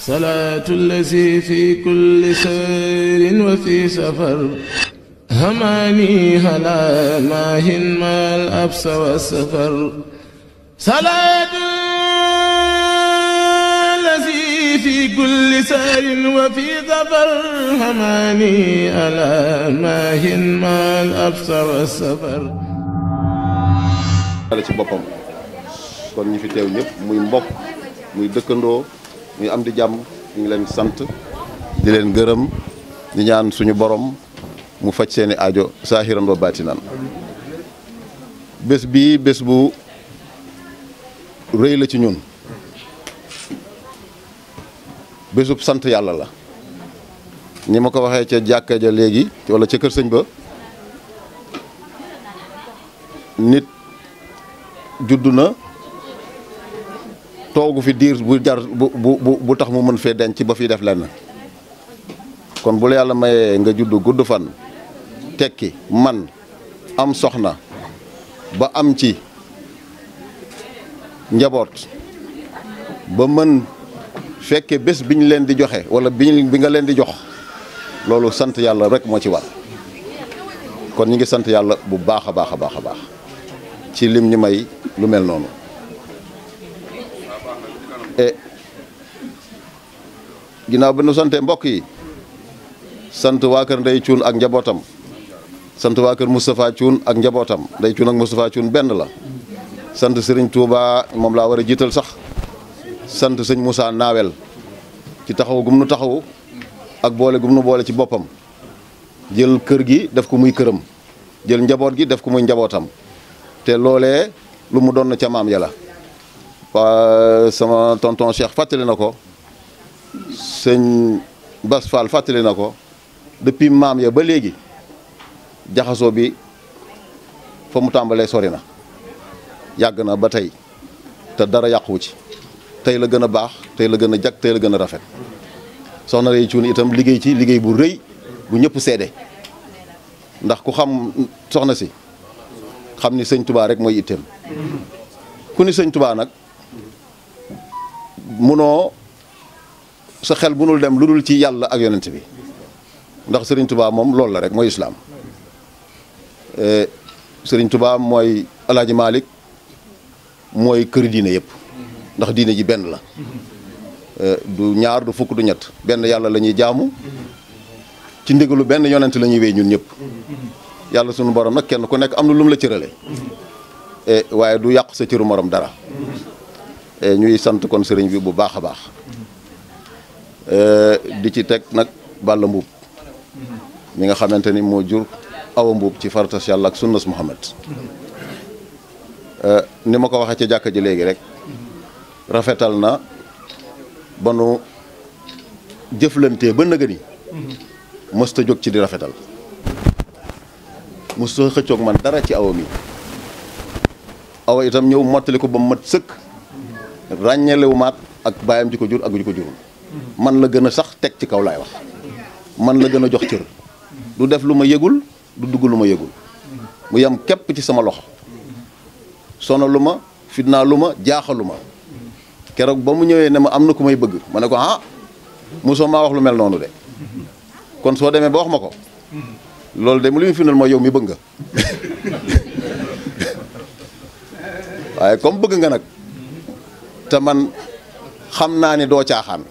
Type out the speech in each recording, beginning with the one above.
salaatu lazi fi kulli sayrin wa fi safar hamaani halaa maahin maal absa wa safar salaatu lazi fi kulli sayrin wa fi safar hamaani halaa maahin maal absa wa safar ci boppam kon ñi fi teew ñëpp muy mbokk muy dëkkandoo ñu am di jàmm ñu ngi leen sant di leen gërëm di ñaan suñu boroom mu faj seeni ajo saahiran ba baatinan bés bii bés bu rëy la ci ñun bésub sant yàlla la ni ma ko waxee ca jàkka ja léegi wala ca kër sëñ ba nit juddu na toogu fi diir bu jar bu bu bu tax mu mën fee denc ba fiy def lenn kon bu la yàlla mayee nga judd gudd fan tekki man am soxna ba am ci njaboot ba mën fekkee bés bi ñu leen di joxe wala bi bi nga leen di jox loolu sant yàlla rek moo ci war kon ñu ngi sant yàlla bu baax a baax a baax a baax ci lim ñu may lu mel noonu Eh, ginnaaw bi nu sante mbokk yi sant waa kër Ndeye Thioune ak njabootam sant waa kër Moustapha Thioune ak njabootam Ndeye Thioune ak Moustapha Thioune benn la sant sëriñ Touba moom laa war a jiital sax sant sëñ Moussa Nawel ci taxaw gum taxawu ak boole gum boole ci boppam jël kër gi def ko muy këram jël njaboot gi def ko muy njabootam te loolee lu mu doon na ca maam yàlla sama tonton Cheikh fàttali na ko sëñ Bas Fall fàttali na ko depuis maam ya ba léegi jaxasoo bi fa mu tàmbalee sori na yàgg na ba tey te dara yàquwu ci tey la gën a baax tey la gën a jag tey la gën a rafet soxna Reye Thioune itam liggéey ci liggéey bu rëy bu ñëpp seede ndax ku xam soxna si xam ni sëñ Touba rek mooy itteem ku ni sëñ Touba nag munoo sa xel munul dem lu dul ci yàlla ak yonent bi ndax sëriñ Touba moom loolu la rek mooy islaam e, sëriñ Touba mooy El Hadj mooy kër diine yëpp ndax diine ji benn la e, du ñaar du fukk du ñett benn yàlla la ñuy jaamu ci lu benn yonent la ñuy wéy ñun ñëpp yàlla sunu borom nag kenn ku nekk am na lu la cërale e, waaye du yàq sa cëru morom dara. Eh, ñuy sant kon sëriñ bi bu baax a baax eh, di ci teg nag Balla Mbuub mi nga xamante ni moo jur Awa Mbuub ci fartas yàlla ak sunnas Muhammad eh, ni ma ko waxee ca jàkka ji léegi rek rafetal na ba nu jëflantee ba nëgëni mësta jóg ci di rafetal mësta xëccook man dara ci awa mi awa itam ñëw mottali ko ba mu mat sëkk ràññelewu maat ak baayam ji ko jur ak ji ko jurul man la gën a sax teg ci kaw laay wax man la gën a jox cër du def lu ma yëgul du dugg lu ma yëgul mu yem képp ci sama loxo lu ma fitnaa lu ma jaaxalu ma keroog ba mu ñëwee ne ma am na ku may bëgg ma ne ko ah mosoo maa wax lu mel noonu de kon soo demee ba wax ma ko loolu de mu li mu firndeel mooy yow mi bëgg nga waaye comme bëgg nga nag te man xam naa ni doo caaxaan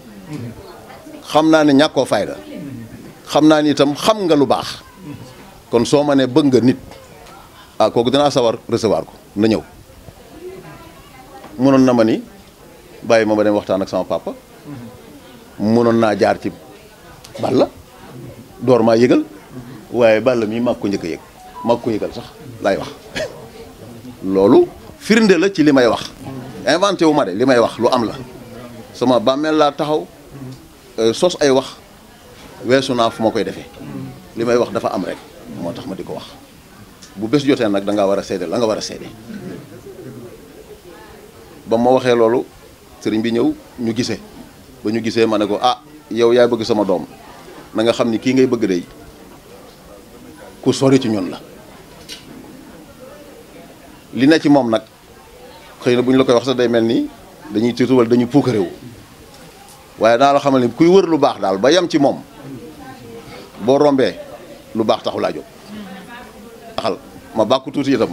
xam naa ne ñàkkoo fayda xam naa ni itam xam nga lu baax kon soo ma ne bëgg nga nit ah kooku dinaa sawar recevoir ko na ñëw mënoon na ma ni bàyyi ma ma dem waxtaan ak sama papa mënoon naa jaar ci Balla door maa yëgal waaye Balla mii mag ko njëkk a yëg mag ko yëgal sax laay wax loolu firnde la ci li may wax inventé wu ma de li may wax lu am la sama bàmmeel laa taxaw euh, soos ay wax weesu naa fu ma koy defee li may wax dafa am rek moo tax ma di ko wax bu bés jotee nag da ngaa war a seede la nga war a seede ba ma waxee loolu sëriñ bi ñëw ñu gisee ba ñu gisee ma ne ko ah yow yaa bëgg sama doom na nga xam ni kii ngay bëgg day ku sori ci ñun la li ne ci moom nag. xëy na bu ñu la koy wax sax day mel ni dañuy tiitu wala dañuy puukaréewu waaye daa la xamal ni kuy wër lu baax daal ba yem ci moom boo rombee lu baax taxu laa jóg ma bàkku tuuti itam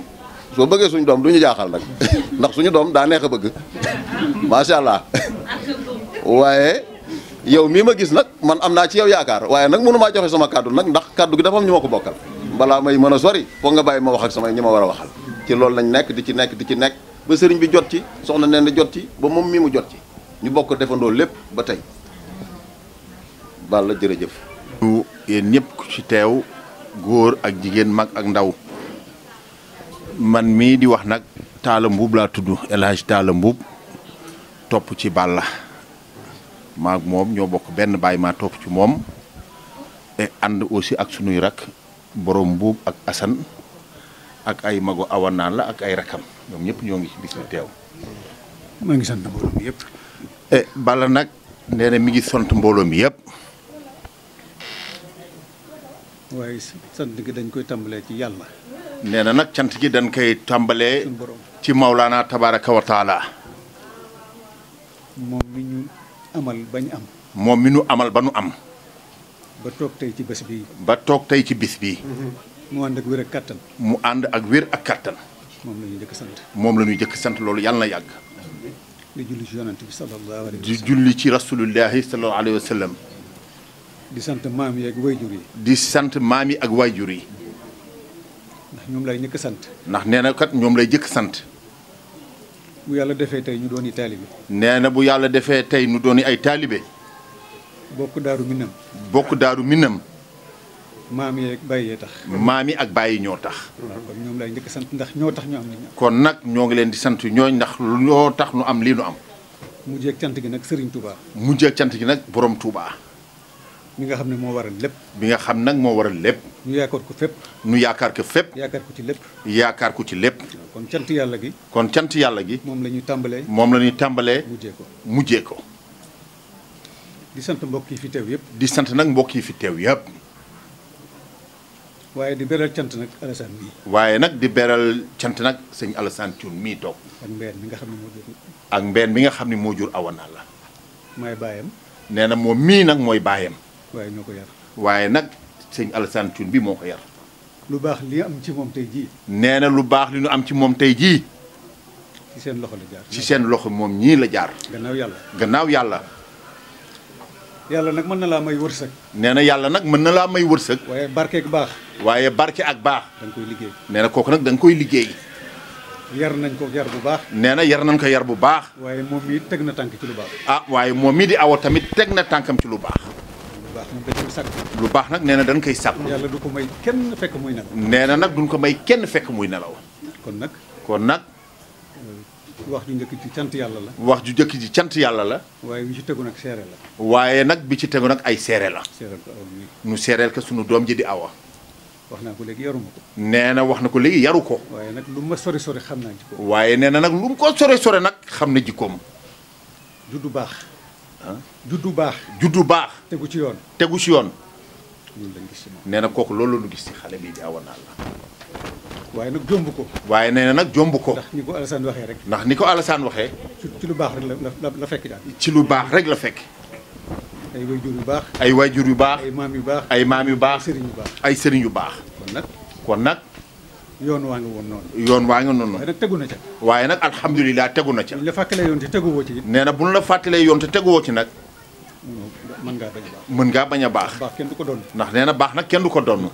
soo bëggee suñu doom du ñu jaaxal nag ndax suñu doom daa neex a bëgg macha allah waaye yow mii ma gis nag man am naa ci yow yaakaar waaye nag mënu maa joxe sama kàddu nag ndax kàddu gi dafa am ñu ma ko bokkal balaa may mën a sori foog nga bàyyi ma wax ak sama ñi ma war a waxal ci loolu lañ nekk di ci nekk di ci nekk ba sëriñ bi jot ci soxna nee na jot ci ba moom mii mu jot ci ñu bokk defandoo lépp ba tey Balla jërëjëf. ñu yéen ñëpp ku ci teew góor ak jigéen mag ak ndaw man mii di wax nag Talla Mbuub laa tudd El Hadj Mbuub topp ci Balla maag moom ñoo bokk benn baay maa topp ci moom et ànd aussi ak sunuy rak boroom mbuub ak Assane. ak ay magu awanaan la ak ay rakam ñoom ñëpp ñoo ngi ci bis bi teew. maa ngi sant mbooloo mi yëpp. Eh, nag nee na mi ngi sant mbooloo mi yëpp. waaye dañ koy tàmbalee ci yàlla. nee na nag cant gi dañ koy tàmbalee. ci mawlaana tabaraka wa moom mi nu amal ba ñu am. moom mi ba toog tey ci bés bi ba toog tey ci bis bi mhm. mu ànd ak wér ak kàttan. mu ànd ak wér ak kàttan. moom la ñuy jëkk sant. moom la ñuy jëkk sant loolu yàlla na yàgg. di julli ci yonent bi sallallahu alayhi wa sallam. di julli ci rasulullahi sallallahu alayhi sant maam yi ak wayjur yi. di sant maam yi ak wayjur yi. ndax ñoom lay njëkk sant. ndax nee na kat ñoom lay jëkk sant. bu yàlla defee tey ñu doon i taalibe. nee na bu yàlla defee tey ñu doon ay taalibe. bokk daaru minam. bokk daaru minam. maam yi ak bàyyi tax. maam yi ak bàyyi ñoo tax. kon ñoom lay njëkk sant ndax ñoo tax ñu am kon nag ñoo ngi leen di sant ñooñ ndax loo tax nu am lii nu am. mujjee ak cant gi nag sëriñ Touba. mujjee ak cant gi nag borom tuubaa mi nga xam ne moo waral lépp. bi nga xam nag moo waral lépp. ñu yaakaar ko fépp. ñu yaakaar ko fépp. yaakaar ko ci lépp. yaakaar ci lépp. kon cant yàlla gi. kon cant yàlla gi. moom la ñuy tàmbalee. moom la tàmbalee. mujjee ko mujjee ko. di sant mbokk yi fi teew yëpp. di sant nag mbokk yi fi teew yëpp. waaye di beral cant nag Alassane mii. waaye nag di beral cant nag sëñ Alassane Thioune mii toog. ak mbeen mi nga xam ne moo jur. ak mbeen nga xam ne moo jur awana la. mooy baayam. nee na moom mii nag mooy baayam. waaye ñoo ko yar. waaye nag sëñ Alassane Thioune bi moo ko yar. lu baax li am ci moom tey jii. nee na lu baax li ñu am ci moom tey jii. ci seen loxo la jaar. ci seen loxo moom ñii la jaar. gannaaw yàlla gannaaw yàlla. yàlla nag mën na laa may wërsëg. nee na yàlla nag mën na laa may wërsëg. waaye barke ak baax. waaye barke ak baax. da nga liggéey. nee na kooku nag da koy liggéey. yar nañ ko yar bu baax. nee na yar nañ ko yar bu baax. waaye moom teg na tànk ci lu baax. ah waaye moom mii di awo tamit teg na tànkam ci lu baax. lu koy sàkk. lu baax nag nee na dañ koy sàkk. yàlla du ko may kenn fekk muy nelaw. nee na nag duñ ko may kenn fekk muy nelaw. kon nag kon nag. wax ju njëkk ci cant yàlla la. wax ju njëkk ci cant yàlla la. waaye bi ci tegu nag seere la. waaye nag bi ci tegu nag ay seere la. seereel ko awa nu seereel ko sunu doom ji di awa. wax naa ko léegi yaru ko. nee na wax na ko léegi yaru ko. waaye nag lu ma sori sori xam naa waaye nee na nag lu mu ko sore sori nag xam na jikkoom. du baax. juddu baax. juddu baax. tegu ci yoon. tegu ci yoon. loolu lañ gis ci moom nee na kooku loolu la gis ci xale bii di awa naa la. waaye nag jomb ko. waaye nee na nag jomb ko. ndax ni ko Alassane waxee rek. ndax ni ko Alassane waxee. ci lu baax rek la la fekk ci lu baax rek la fekk. ay waajur yu baax. ay waajur yu baax. ay maam yu baax. ay maam yu baax. ay sëriñ yu baax. ay sëriñ yu baax. kon nag kon nag. yoon waa ngi woon noonu. yoon waa nga noonu. waaye nag tegu na ca. waaye nag alhamdulilah tegu na ca. la fàttalee yoon te teguwoo ci. nee na buñ la fàttalee yoon te teguwoo ci nag. mën ngaa bañ a baax mën ngaa bañ baax. baax kenn du ko doon. ndax nee na baax nag kenn du ko doon.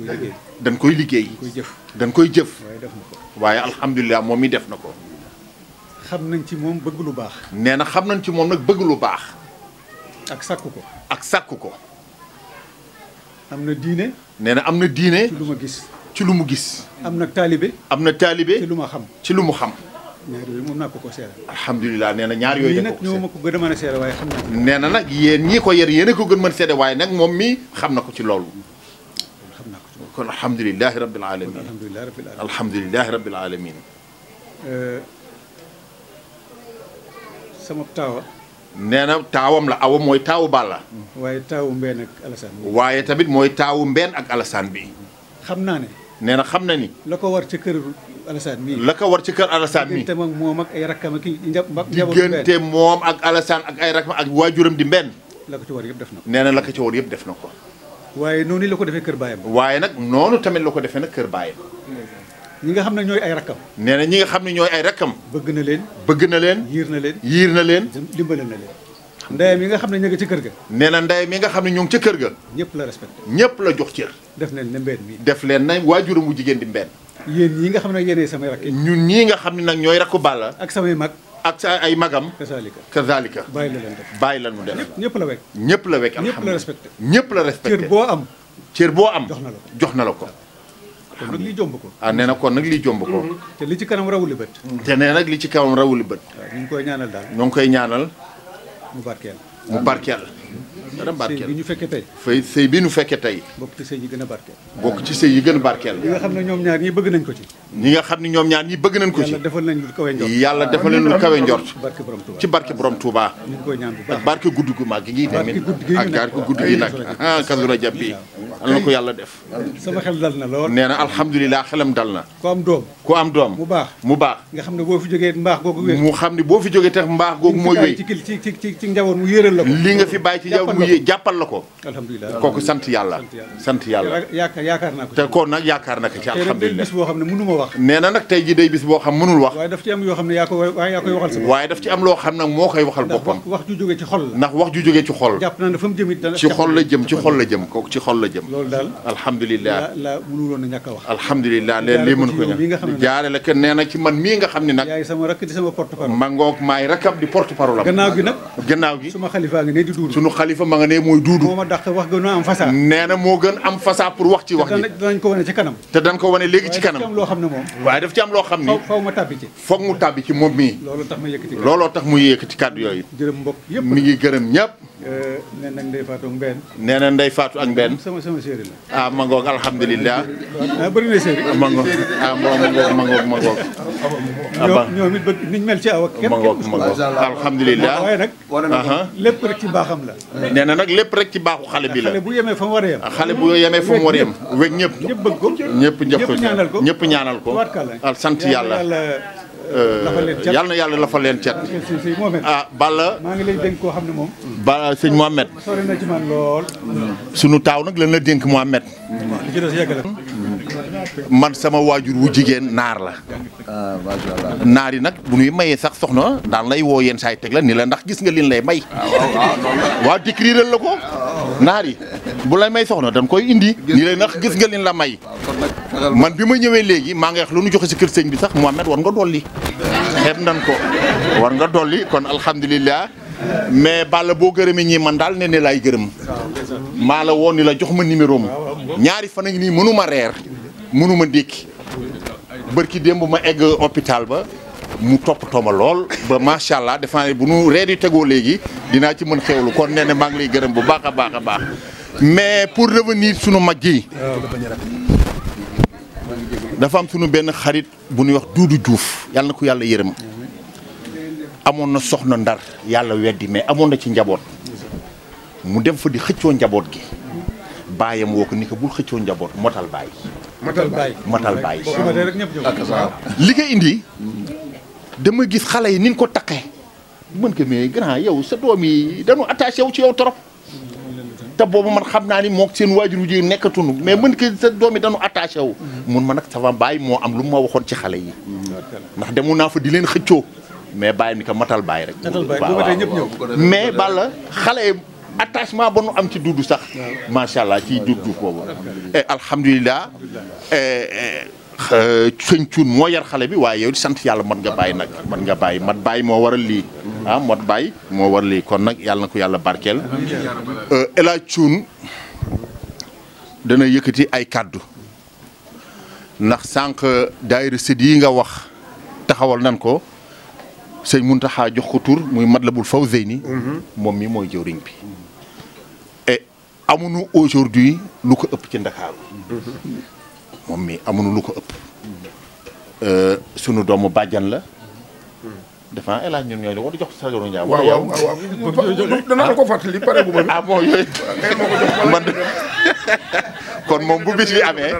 dañ koy liggéey dañ koy jëf. dañ koy jëf. waaye def na ko waaye alhamdulilah moom i def na ko. xam nañ ci moom bëgg lu baax. nee na xam nañ ci moom nag bëgg lu baax. ak sàkku ko. ak sàkku ko. am na diine. nee na am na diine. ci lu ma gis. ci lu mu gis. am na taalibe. am na taalibe. ci lu ma xam ci lu mu xam. ñaar yooyu mën naa ko ko seere alhamdulilah nee na ñaar yooyu nag ñoo ma ko gën a mën a xam naa nee na nag yéen ñii ko yar yéen ko gën mën seere waaye nag moom mi xam na ko ci loolu xam kon alhamdulilahi rabbil alamin alhamdulilahi rabbil alamin alhamdulilahi rabbil alamin sama taawa taawam la awa mooy taawu Balla waaye taawu Mbeen ak Alassane waaye tamit mooy taawu Mbeen ak Alassane bi xam naa ne nee na xam na ni. la ko war ci kër Alassane mii. la ko war ci kër Alassane mii diggante moom ak ay rakkam ak i diggante moom ak Alassane ak ay rakkam ak waajuram di mbenn. la ko ci war yëpp def na ko. nee na la ko ci yëpp def na ko. waaye noonu la ko defee kër baayam. waaye nag noonu tamit la ko defee nag kër baayam. ñi nga xam ne ñooy ay rakkam. nee na ñi nga xam ne ñooy ay rakkam. bëgg na leen. bëgg na leen. yiir na leen yiir na leen. dimbale na leen. ndey mi nga xam ne ñu ngi ci kër ga nee na ndey mi nga xam ne ñu ngi ca kër ga ñëpp la respecté ñëpp la jox cër def leen ne mbeen mi def leen na waajuram wu jigéen di mbeen yéen ñii nga xam ne yéenee samay rakk ñun ñii nga xam ne nag ñooy rakku Balla ak samay mag ak sa ay magam kazalika kazalika bàyyi la leen bàyyi la nu def ñëpp la ñëpp la wekk ñëpp la respecté ñëpp la respecté cër boo am cër boo am jox na jox na la ko kon nag jomb ko ah nee na kon nag lii jomb ko li ci kanam rawuli bët te nee nag li ci kanam rawuli bët ñu koy ñaanal daal ñu ngi koy ñaanal mu barkeel mu barkeel dana ñu fekkee tey fay sëy bi ñu fekkee tey bokk ci sëy yi gën a barkeel bokk ci sëy yi gën a barkeel ñi nga xam ne ñoom ñaar ñi bëgg nañ ko ci ñi nga xam ne ñoom ñaar ñi bëgg nañ ko ci yàlla defal nañ lu kawe njort yàlla defal nañ lu kawe njort ci barke borom Touba ñu koy ñaan bu baax barke gudd gu màgg gi tamit ak gi nag ah kazu rajab bi na yàlla def. sama xel dal na lool. nee na alhamdulilah xelam dal na. ku am doom ku doom. mu baax mu baax. nga xam ne boo fi jógee mbaax googu wéy. mu xam ne boo fi jógee tax mbaax googu mooy wéy. ci ci ci ci ci njaboot mu yéeral la ko. li nga ko. alhamdulilah sant yàlla. sant yàlla yaakaar yaakaar naa ko. te koo nag yaakaar na tey day bis boo xam na nag tey jii day bis boo xam mënul wax. waaye daf ci am yoo xam ko waaye yaa koy waxal sa bopp. waaye daf ci loo xam nag moo koy waxal boppam. wax ju jógee ci xol ndax wax ju jógee ci xol. na ne fa ci xol la jëm ci la jëm kooku ci xol la jëm loolu daal alhamdulilah a ñàkk a wax alhamdulilah leen lii mënu ko ñàkk jaare la kenn nee na ci man mii nga xam ne nag yaay sama rakk di sama porte parole ma ngoog maay rakkam di porte parole am gannaaw gi nag gannaaw gi suma xalifa nga ne di duudu sunu xalifa nga ne mooy duudu moo wax gën a am fasaa nee na moo gën am fasaa pour wax ci wax ji danañ ko wane ci kanam te dañ ko wane léegi ci kanam loo xam ne moom waaye daf ci am loo xam ni faw ma tàbbi ci foog mu tàbbi ci moom mii looloo tax ma yëkkati looloo tax mu yëkkati kàddu yooyu gërëm mbokk yëpp mi ngi gërëm ñëpp Eh, nee na Ndeye Fatou ak Mbène. nee na Ndeye Fatou ak Mbène. sama sama séeréer la. ah ma ngoog ah, ah, ma ngoog ah ma ngoog ma ngoog ma ngoog. abaa ñoom it bëgg niñ mel ci aw ak. ma lépp rek ci baaxam la. nee na nag lépp rek ci baaxu xale bi la. xale bu yemee fa mu war a yem. Ah, xale bu yeme fa mu war a yem. wéeg ñëpp ñëpp bëgg ñëpp ñaanal ko ñëpp sant yàlla. Euh, yàlla na yàlla lafal leen cat. ah Balla. maa xam ne moom. Balla sëñ Mohamed. sunu taaw nag lan la dénk Mohamed. man sama waajur wu jigéen naar la. Ah, naar yi nag bu ñuy mayee sax soxna daan lay woo yenn saay teg la ni la ndax gis nga liin lay may. Ah, waa décrire la ko. naar yi bu la may soxna dañ koy indi ñi lay nax gis nga leen la may man bi ma ñëwee léegi maa ngi wax lu nu joxe si kër sëñ bi sax Mouhamed war nga dolli xeeb nan ko war nga dolli kon alhamdulilah mais bala boo gërëmee ñi man daal ne ne laay gërëm maa la woon ni la jox ma numéro am ñaari fan a ngi nii mënuma reer mënuma ndékki bërki démb ma egg hôpital ba mu toppatoo ma lool ba macha allah defe naa ne bu nu reer yi tegoo léegi dinaa ci mën xewlu kon nee na maa ngi lay gërëm bu baax a baax a baax mais pour nii sunu mag yi dafa am sunu benn xarit bu ñuy wax Duudu Juuf yàlla na ko yàlla yërëm amoon na soxna ndar yàlla weddi mais amoon na ci njaboot mu dem fa di xëccoo njaboot gi baayam woo ko ni ko bul xëccoo njaboot motal baay. motal baay. li ko indi. dama gis xale yi nin ko taqee mën ko mais grand yow sa doom yi dañu wu ci yow trop. te boobu man xam naa ni moo seen waajur ji nekkatunu mais mën ko sa doom yi dañu attaché wu. mun ma nag sama baay moo am lu ma waxoon ci xale yi. ndax demoon naa fa di leen xëcco mais bàyyi ni ko matal bàyyi rek. matal bàyyi bu matee ñëpp ñëw mais bala xale yi attachement ba nu am ci dudd sax. macha allah ci dudd boobu. alhamdulilah. Eh, sëñ cuun moo yar xale bi waaye yow di sant yàlla mat nga bàyyi nag mot nga bàyyi mat bàyyi moo waral lii ah baay moo waral lii kon nag yàlla ko yàlla barkeel euh, El Hadj Cuun dana yëkkati ay kàddu ndax sànq daayira sët yi nga wax taxawal nan ko sëñ Muntaxa jox ko tur muy mat Matlabul Fawzeyni mhm. moom mii mooy jëwriñ bi et amuñu aujourd'hui lu ko ëpp ci Ndakaaru mhm. moom mi amuñu lu ko ëpp. Euh, sunu doomu bàjjan la. dafa El Hadj ñun ñooy jox sa Sadio Ndiaye. waaw waaw kon moom bu bis bi amee.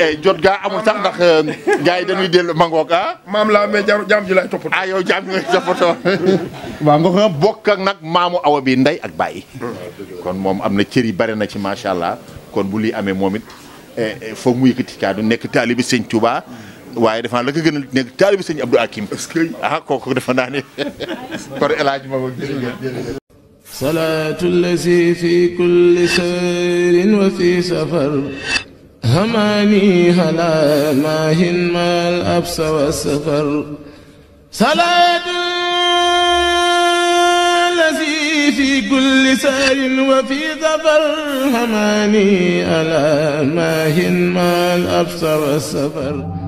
Eh, jot gaa amul sax ndax euh, gaa yi dañuy dellu mangoog ah. maam laa mais jaam ji laay toppatoo. ah yow jaam ji ngay toppatoo. nag maamu awa bi ndey ak bàyyi. Mm. kon moom am na cër yi bare na ci macha allah kon bu lii amee moom Eh, eh, foog mu yëkkati kaddu nekk taalibi sëñ Touba waaye dafa la gën a nekk taalibi sëñ Abdou Hakim ah kooku dafa naa ne kon El Hadj Mamadou jërëjëf jërëjëf fi kulli sayrin wa fi safar hamaani halaa maahin maal absa wa safar في كل سهر وفي ظفر هماني ألا ماهن ما الأبصر السفر